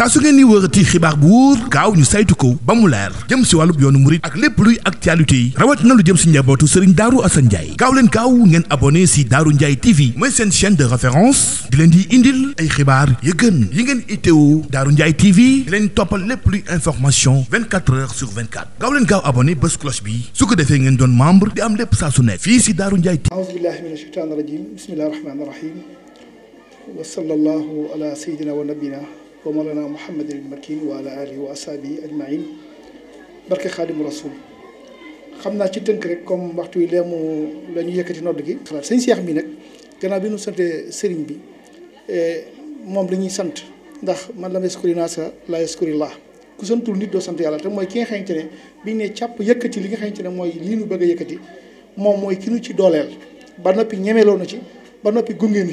saa su ngeen di wërati xibaar bu wóor gaaw ñu saytu ko ba mu leer jëm si wàllub yoonu murit ak lépp luy actualité yi rawat na lu jëm si njabootu sëriñ Daaru Asan Njaay gaaw leen gaaw ngeen abonné si Daaru Njaay TV mooy seen chaîne de référence di leen di indil ay xibaar yu gën yi ngeen itteewu Daaru Njaay TV di leen toppal lépp luy information 24 heures sur 24 gaaw leen gaaw abonné bés cloche bi su ko defee ngeen doon membre di am lépp saa su ne fii si Daaru Njaay TV aouzu billahi rajim bismillahi rahim wa sallallahu ala sayidina wa nabina wa mawlana muhammadin makin wa ala alihi wa ashabihi ajmain barke xaadim rasul xam naa ci tënk rek comme waxtu yi leemu la ñu yëkkati nodd gi xalaat sëñ Cheikh mi nag gannaaw bi ñu sante sëriñ bi e, moom la sant ndax man lam yaskuri naasa laa yaskuri laa ku santul nit doo sant yàlla te mooy ki nga xamante ne biñ ne càpp yëkkati li nga xamante ne mooy lii nu bëgg a yëkkati moom mooy ki nu ci dooleel ba noppi ñemeeloo nu ci ba noppi gungeenu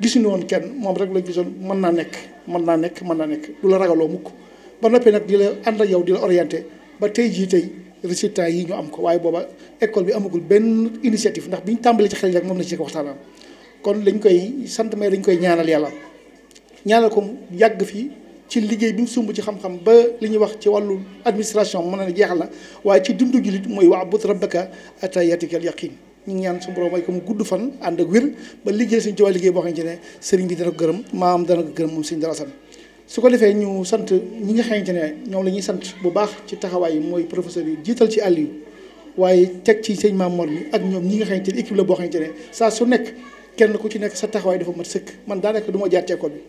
gisuñu woon kenn moom rek la gisoon mën naa nekk mën naa nekk mën naa nekk du la ragaloo mukk ba noppee nag di la ànd ak yow di la orienté ba tey jii tey résultat yi ñu am ko waaye booba école bi amagul benn initiative ndax biñ tàmbali ci xel yi rek moom la ci waxtaanam kon lañ koy sant mais dañ koy ñaanal yàlla ñaanal ko yàgg fii ci liggéey bi mu sumb ci xam-xam ba li ñu wax ci wàllu administration mën na jeexal na waaye ci dundu jullit mooy wax but rabbaka ataayatikal yaqin ñu ñaan su borom may ko mu gudd fan ànd ak wér ba liggéey suñu Tuubaa liggéey boo xam ne sëriñ bi dana ko gërëm am dana ko gërëm moom sëriñ Darou Assane su ko defee ñu sant ñi nga xamante ne ñoom la ñuy sant bu baax ci taxawaay mooy professeur yi jiital ci àll yi waaye teg ci sëñ Maam Mor mi ak ñoom ñi nga xamante ne équipe la boo xamante ne saa su nekk kenn ku ci nekk sa taxawaay dafa mat sëkk man daanaka du ma jaar ci bi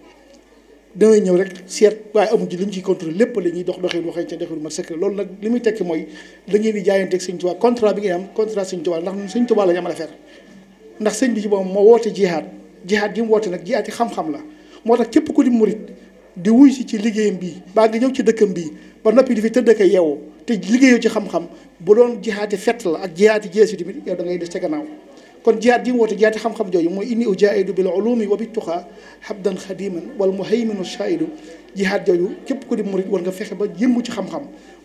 dangay ñëw rek seet waaye amuñ ci li ñu ci contrôler lépp la ñuy dox doxee lu xëy ca doxee lu mat sëkk loolu nag li muy tekki mooy da ngeen di jaayanteeg sëñ Tuubaa contrat bi ngay am contrat sëñ Tuubaa ndax ñun sëñ Tuubaa la ñu amal affaire ndax sëñ bi ci moom moo woote jihaad jihaad yi mu woote nag jihaad xam-xam la moo tax képp ku di murit di wuy si ci liggéeyam bi baa nga ñëw ci dëkkam bi ba noppi di fi tëdd ak yeewoo te liggéeyoo ci xam bu doon jihaati fett ak jihaati jeesi tamit ngay des ca gannaaw kon jaar ji mu woote jihaati xam-xam jooju mooy inni ujaaidu bil ulumi wa bit tuqa habdan xadiman wal muhayminu shaidu jihaat jooju képp ku di murit war nga fexe ba yëmb ci xam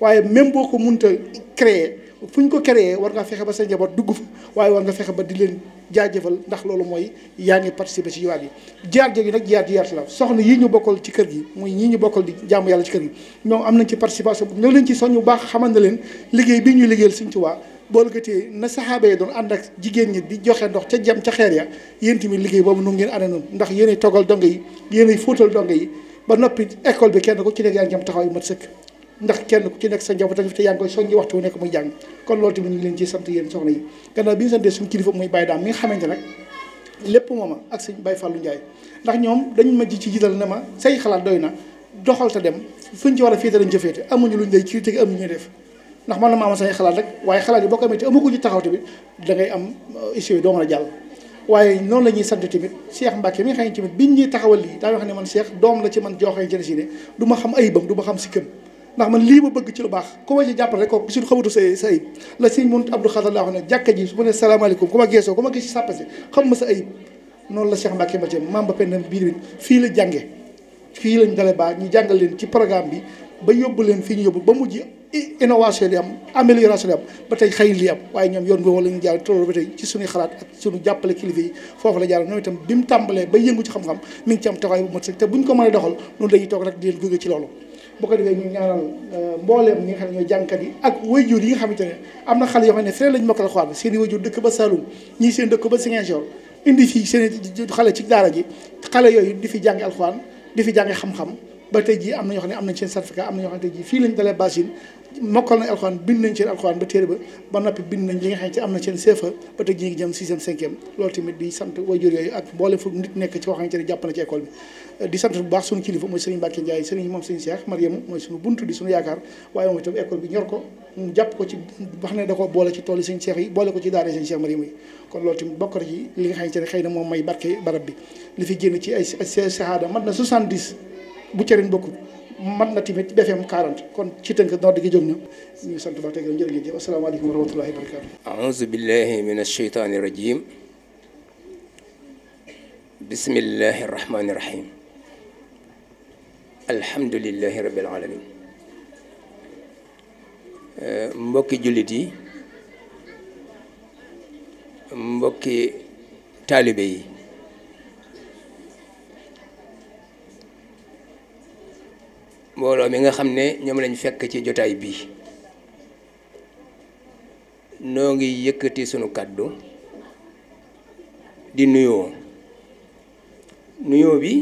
waaye même boo ko munta créer fu ko créer war nga fexe ba sa njaboot dugg fa waaye nga fexe ba di leen jaajëfal ndax loolu mooy yaa ngi participer ci jiwaat yi jihaat jooju nag jihaat jihaat la soxna yii ñu bokkal ci kër gi muy ñii ñu bokkal di jaamu yàlla ci kër gi ñoom am nañ ci participation ñoo ci soññ bu baax xamal na leen liggéey bi ñuy liggéeyal Sëñ Tuubaa boo ëlgatee na saxaaba yi doon ànd ak jigéen ñi di joxe ndox ca jam ca xeer ya yéen tamit liggéey boobu nu ngeen ànd noonu ndax yéenay toggal dong yi yéenay fóotal dong yi ba noppi école bi kenn ku ci nekk yaa ngi am taxaw yu ma sëkk ndax kenn ku ci nekk sa njaboot te yaa ngi koy soññi waxtu wu nekk muy jàng kon loolu tamit ñu ngi leen ciy sant yéen soxna yi gannaaw bi ñu santee suñu kilifa muy Baye Daam mi nga xamante nag lépp mooma ak sëñ Baye Fallou Ndiaye ndax ñoom dañ ma ji ci jiital ne ma say xalaat doy na doxal te dem fuñ ci war a féete dañ ca féete amuñu luñ lay ci tëgg amuñu def ndax man na ma am say xalaat rek waaye xalaat yi boo ko amee ko ci taxaw tamit da ngay am euh, issue yi doo mën a jàll waaye noonu la ñuy sant tamit Cheikh Mbacke mi nga xam tamit biñ ñuy taxawal lii daa wax ne man Cheikh doom la ci man joxee jëne si ne du ma xam ayibam du ma xam sikkam ndax man lii ma bëgg ci lu baax ku ma ci jàppale rek kooku suñu xamatu say say la sëñ mun Abdou Khadre daa wax ne jàkka ji su ma ne salaamaaleykum ku ma geesoo ku ma gis si xam ma sa ayib noonu la Cheikh Mbacke Mbacke maam ba penn bii bi fii la jànge fii lañ dale baa ñu jàngal leen ci programme bi ba yóbbu leen fii ñu yóbbu ba mujj innovation li am amélioration li am ba tey waaye ñoom yoon boobu la ñu jaar tolloo ba tey ci suñuy xalaat ak suñu jàppale kilifa yi foofu la jaar ñoom itam bi mu tàmbalee ba yëngu ci xam-xam mi ci am a doxal noonu dañuy toog rek di leen jóge ci loolu bu ko defee ñu euh, yi ak xamante ne am na xale yoo xam ne feneen lañ mokkal xwaat seen i wayjur dëkk ba Saloum ñii seen dëkk ba Ziguinchor xale ci daara ji yooyu di fi jàngi alxuraan di fi jàngi xam-xam ba tey jii am na ñoo xam ne am mokkal nañ alxuraan bind nañ seen alxuraan ba téere ba ba bind nañ li nga xam ne ci am na seen CFA ba tey jii ngi jëm sixième cinquième loolu tamit di sant waajur yooyu ak mboolem fu nit nekk ci na ko mu ne da boole ci tool Serigne Cheikh yi boole ko ci daara Serigne Cheikh Mariam yi kon loolu tamit bokk na li nga xam ne xëy na moom may barke barab bi li fi génn ci ay shahada mat na 70 bu cëriñ bokkul mat na tamit BFM 40 kon ci tënk nodd gi jóg na ñu sant ba tey jërë ngeen jëf asalaamaaleykum wa rahmatullahi wa barakatu aouzu billahi min asheytaani rajim alamin mbokki jullit yi mbokki taalibe yi mbooloo mi nga xam ne ñoom lañu fekk ci jotaay bi noo ngi yëkkati sunu kàddu di nuyoo nuyoo bi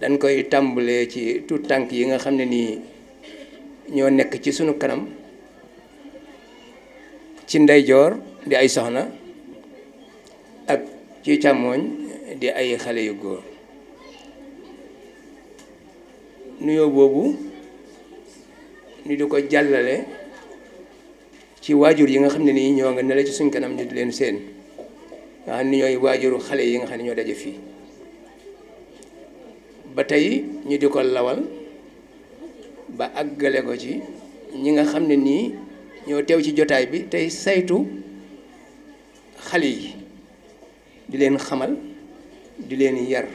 dañ koy tàmbalee ci tout tànk yi nga xam ne nii ñoo nekk ci sunu kanam ci ndeyjoor di ay soxna ak ci càmmooñ di ay xale yu góor nuyo bobu ni diko ko ci wajur yi nga xamne ni ñoo nga ne ci suñu kanam ñu di leen seen nga ni ñoy wajuru xale yi nga xamne ñoo daje fi ba tay ñu diko lawal ba aggalé ko ci ñi nga xamne ni ñoo tew ci jotay bi tay saytu xale yi di leen xamal di leen yar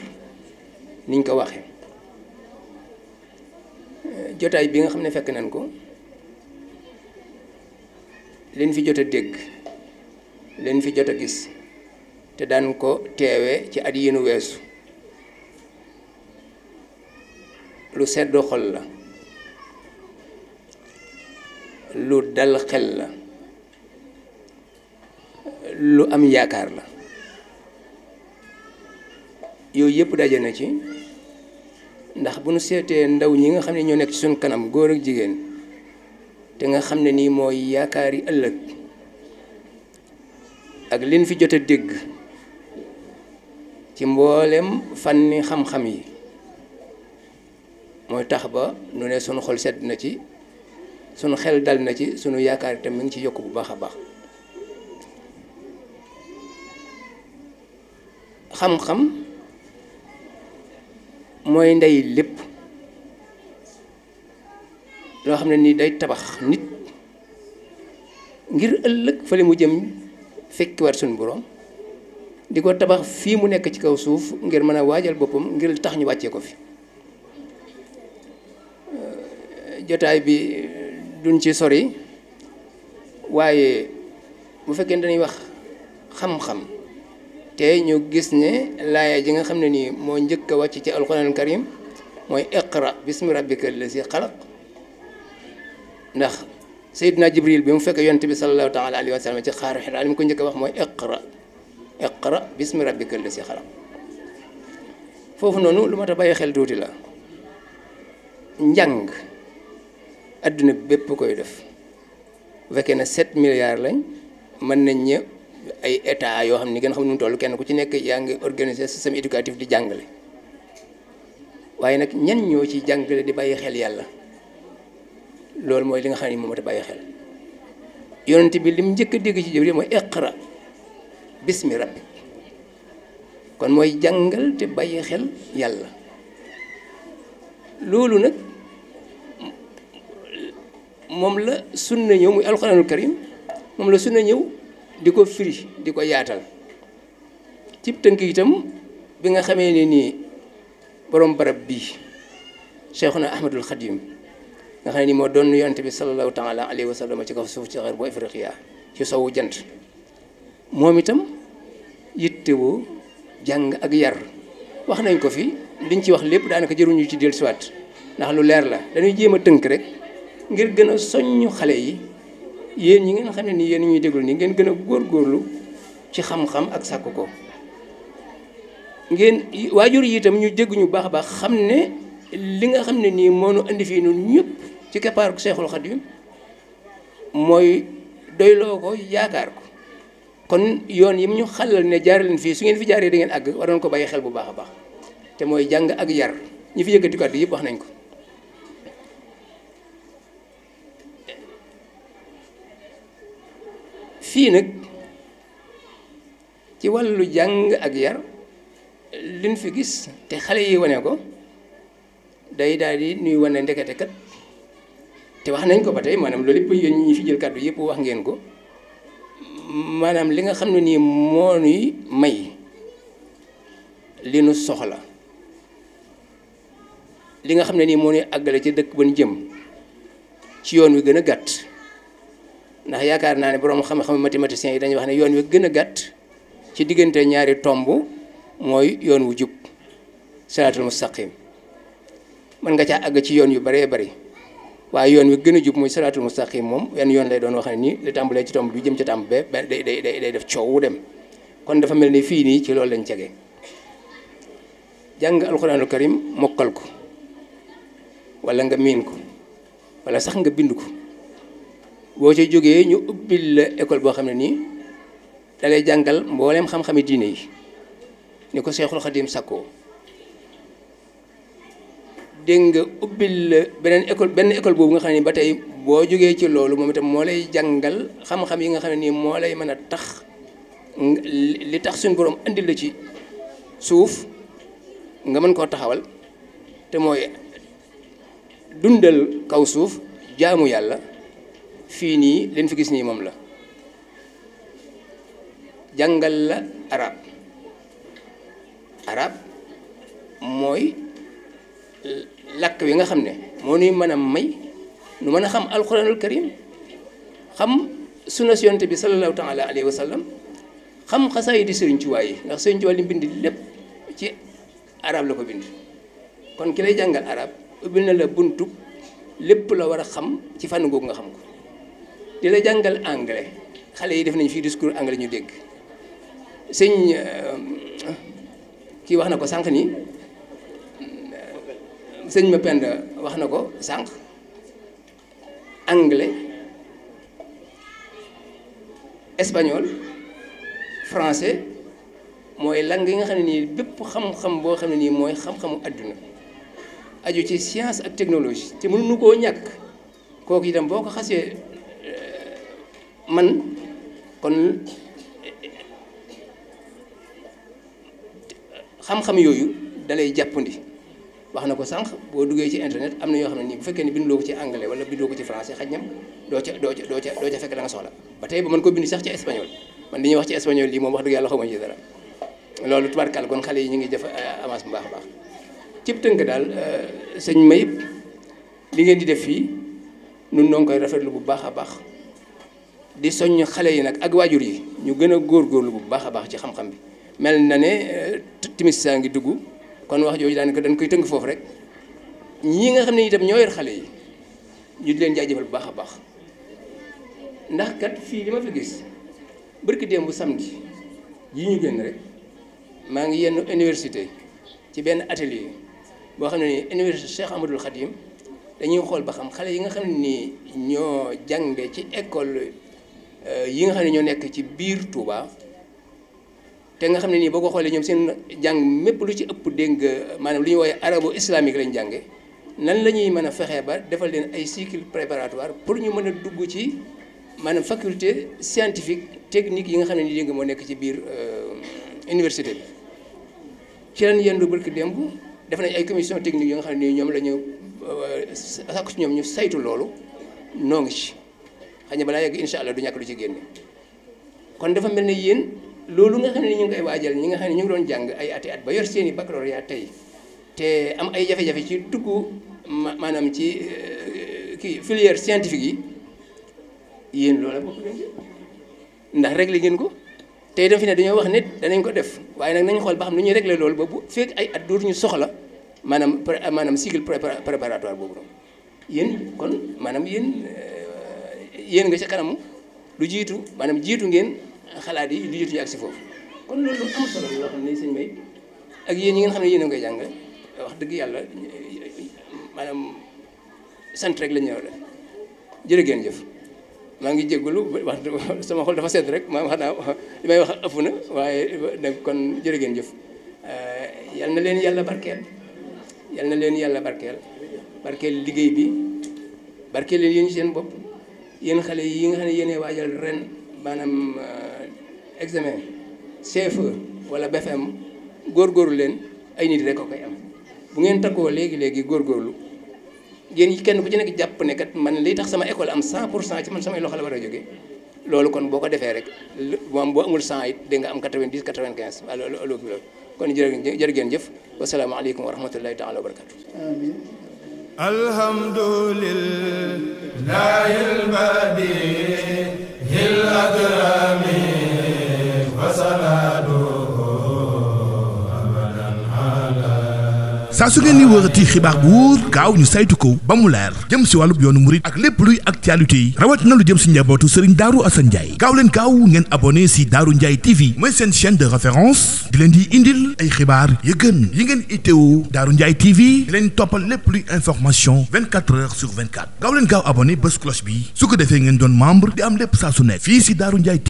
niñ ko waxe jotaay bi nga xam ne fekk nañ ko leen fi jot a dégg leen fi jot a gis te daan ko teewe ci at yi nu weesu lu sedd xol la lu dal xel la lu am yaakaar la yooyu yëpp daje na ci ndax bu nu seetee ndaw ñi nga xam ne ñoo nekk ci suñu kanam góor ak jigéen te nga xam ne nii mooy yaakaari ëllëg ak liñ fi jot a dégg ci mboolem fànni xam-xam yi mooy tax ba nu ne sunu xol sedd na ci sunu xel dal na ci sunu yaakaar itam mi ngi ci yokk bu baax a baax xam-xam. mooy ndey lépp loo xam ne nii day tabax nit ngir ëllëg fële mu jëm fekki war suñu borom di ko tabax fii mu nekk ci kaw suuf ngir mën a waajal boppam ngir tax ñu wàcce ko fi euh, jotaay bi duñ ci sori waaye bu fekkee dañuy wax xam-xam te ñu gis ne laay ji nga xamné ni mo moo wàcc ci alquran karim moy iqra bismi rabbikal allazi khalaq ndax sayidna jibril bi mu fekk yonte bi sallallahu taala alayhi wa sallam ci khar xira li ko njëkk wax moy iqra iqra bismi rabbikal allazi khalaq fofu nonu lu mat baye xel tuuti la njàng aduna bépp koy def bu 7 milliards lañ man nañ ñëpp ay état yo xamni gën xam nu mu kenn ku ci nekk ya nga organiser système éducatif di jangalé waaye nak ñen ñoo ci jangalé di bàyyi xel yalla lool moy li nga xamni momata moom xel yonent bi lim jëk ci moy iqra bismi rabbi kon moy jangal te bàyyi xel yalla loolu nak mom la sunna ñew muy alquranul karim mom la sunna ñew di ko firi di ko yaatal ci tënk yitam bi nga xamee ne nii borom barab bii Cheikhuna Ahmadul Xadim nga xam ne nii moo doon yonent bi sallallahu taala alayhi wa sallam ci kaw suuf ci xar bu Afriqiya ci sowu jant moom itam yittewoo jàng ak yar wax nañ ko fi liñ ci wax lépp daanaka jëruñu ci dellusiwaat ndax lu leer la dañuy jéem a tënk rek ngir gën a soññu xale yi yéen ñi ngeen xamne ni yéen ñi déglu ni ngeen gëna gor gorlu ci xam-xam ak sàkk ko ngeen wajur yi tam ñu dégg ñu baax a baax xam ne li nga xamne ni nii moo nu indi ñun ñepp ci keppaaru cheikhul khadim mooy doylo ko yaakar ko kon yoon yi mu ñu xalal ne jaar leen fi su ngeen fi jaaré da ngeen war nañ ko baye xel bu baax baax te moy jang ak yar ñi fi yëkkati kàddu yëpp wax nañ ko. fii nag ci wàllu jàng ak yar liñ fi gis te xale yi wane ko day daal di nuy wane ndekete kat te wax nañ ko ba tey maanaam loolu yëpp yéen ñi fi jël kàddu yépp wax ngeen ko maanaam li nga xam ne nii moo nuy may li nu soxla li nga xam ne nii moo nuy àggale ci dëkk ba nu jëm ci yoon wi gën a gàtt ndax yaakaar naa ne borom xam-xam mathématiciens yi dañuy wax ne yoon wi gën a gàtt ci diggante ñaari tomb mooy yoon wu jub siraatul mustaqim mën nga caa àgg ci yoon yu bëree bëri waaye yoon wi gën a jub mooy siraatul mustaqim moom wenn yoon lay doon wax ni nii li tàmbalee ci tomb bi jëm ca tàmb bee day day day def coowu dem kon dafa mel ni fii nii ci loolu lañ cege jàng alxuraanul karim mokkal ko wala nga miin ko wala sax nga bind ko. boo ci jógee ñu ubbil la école boo xam ne nii dalay jàngal mbooleem xam-xami diine yi ni ko Seexul Xadim sakkoo dégg nga ubbil la beneen école benn école boobu nga xam ne nii ba tey boo jógee ci loolu moom itam moo lay jàngal xam-xam yi nga xam ne nii moo lay mën a tax li tax suñu borom andil la ci suuf nga mën koo taxawal te mooy dundal kaw suuf jaamu yàlla fii nii leen fi gis nii moom la jàngal la arab arab mooy lakk wi nga xam ne moo nuy mën a may nu mën a xam alquranul karim xam sunna yonent bi sallallahu taala alayhi wa sallam xam xasaay di sëriñ Tuubaa yi ndax sëriñ Tuubaa li mbind lépp ci arab la ko bind kon ki lay jàngal arab ubbil na la buntub lépp la war a xam ci fànn googu nga xam ko di la jàngal anglais xale yi def nañ fii discours anglais ñu dégg sëñ euh, kii wax na ko sànq nii sëñ ma pend wax na ko sànq anglais espagnol français mooy lang yi nga xam ne nii bépp xam-xam boo xam ne nii mooy xam àdduna aju ci science ak technologie te mënuñu koo ñàkk kooku itam boo ko xasee man kon xam-xam yooyu dalay jàppandi wax na ko sànq boo duggee ci internet am na yoo xam ne nii bu fekkee ne bindoo ko ci anglais wala bindoo ko ci français xaj na doo ca doo ca doo ca doo ca ba tey ba mën ko bind sax ci espagnol man li ñuy wax ci espagnol lii moom wax dëgg yàlla xaw ma dara loolu tubaarkàlla kon xale yi ñu ngi def euh, avance bu baax baax cib tënk daal euh, sëñ Mayib li ngeen di def fii nun noo koy rafetlu bu baax a baax di soññ xale yi nag ak waajur yi ñu gën a góorgóorlu bu baax a baax ci xam-xam bi mel na ne euh, timis saa ngi dugg kon wax jooju daanaka dañ koy tëng foofu rek ñi nga xam ne itam ñoo yor xale ñu di leen jaajëfal bu baax a baax ndax fii li gis barki démb samedi yi ñu génn rek maa ngi yenn université ci benn atelier boo xam ne nii université Cheikh Amadou dañuy xool ba xam xale yi nga xam nii ñoo jàngee ci école. Euh, yi nga xamne ñoo nekk ci biir Touba té nga xamne ni boko xolé ñom seen jang mepp lu ci ëpp dégg nga maanaam lu ñuy woowee arabo islamique lañu jangé nan la mëna fexé ba defal leen ay cycle préparatoire pour ñu mëna dugg ci manam faculté scientifique technique yi nga xamne ni dégg nga moo nekk ci biir euh, université bi ci lan yendu barki demb def nañ ay commission technique yi nga xamne ñom lañu euh, sax ñom ñu saytu lolu nongi ci hanya bala yàgg incha allah du ñàkk lu ci genn kon dafa melni yeen yéen nga xamni ñu ngi ay wajal ñi nga xamni ñu ngi doon jang ay ati at ba yor seeni baccalauréat tay te am ay jafé jafé ci tuku manam ci eh, ki filière scientifique yi yéen loola bokk ndax réglé ngeen ko té dafa fi ne dañu wax ne danañ ko def waye nak nañ xol ba xam nu ñuy réglé loolu bobu fek ay at ñu soxla manam manam cycle préparatoire bobu yeen yéen kon maanaam yéen eh, yen nga ci kanam lu jitu manam jitu ngeen xalaat yi lu jitu ci aksi fofu kon lolu am solo lo xam seigne may ak yéen yi nga xam ne nga jang wax deug yalla manam sant rek la ñëw la jërë ngeen jëf ma ngi jéggulu wax sama xol dafa sét rek ma wax naa li wax ëpp na waaye kon jere ngeen jëf yalla na leen yalla barkel yalla na leen yalla barkel barkel liggey bi barkel leen yéen seen bop yéen xale yi nga xam ne yéenay waajal ren maanaam euh, examen CFEE wala BFM góorgóorlu leen ay nit rek a koy am bu ngeen takkoo léegi léegi góorlu yéen kenn ku ci nekk jàpp ne kat man li tax sama école am 100 pour cent ci man samay loxo la war a jógee loolu kon boo ko defee rek moom boo amul 100 it di nga am 90 95 waaw loolu loolu kon jërë ngeen jëf wasalaamaaleykum wa rahmatullahi taala wa barakatu. amiin. الحمد لله البديع الأكرم saa su ngeen ni wërati xibaar bu wóor gaaw ñu saytu ko ba mu laar jëm si wàllub yoonu murit ak lépp luy actualité yi rawat na lu jëm si njabootu Serigne daaru Assane Ndiaye gaaw leen gaaw ngeen abonné si daaru Ndiaye TV mooy seen chaîne de référence di leen di indil ay xibaar yu gën yi ngeen itteewu Darou Ndiaye TV di leen toppal lépp luy information 24 heures sur 24 gaaw leen gaaw abonné bés cloche bi su ko defee ngeen doon membre di am lépp saa su ne fii si Darou Ndiaye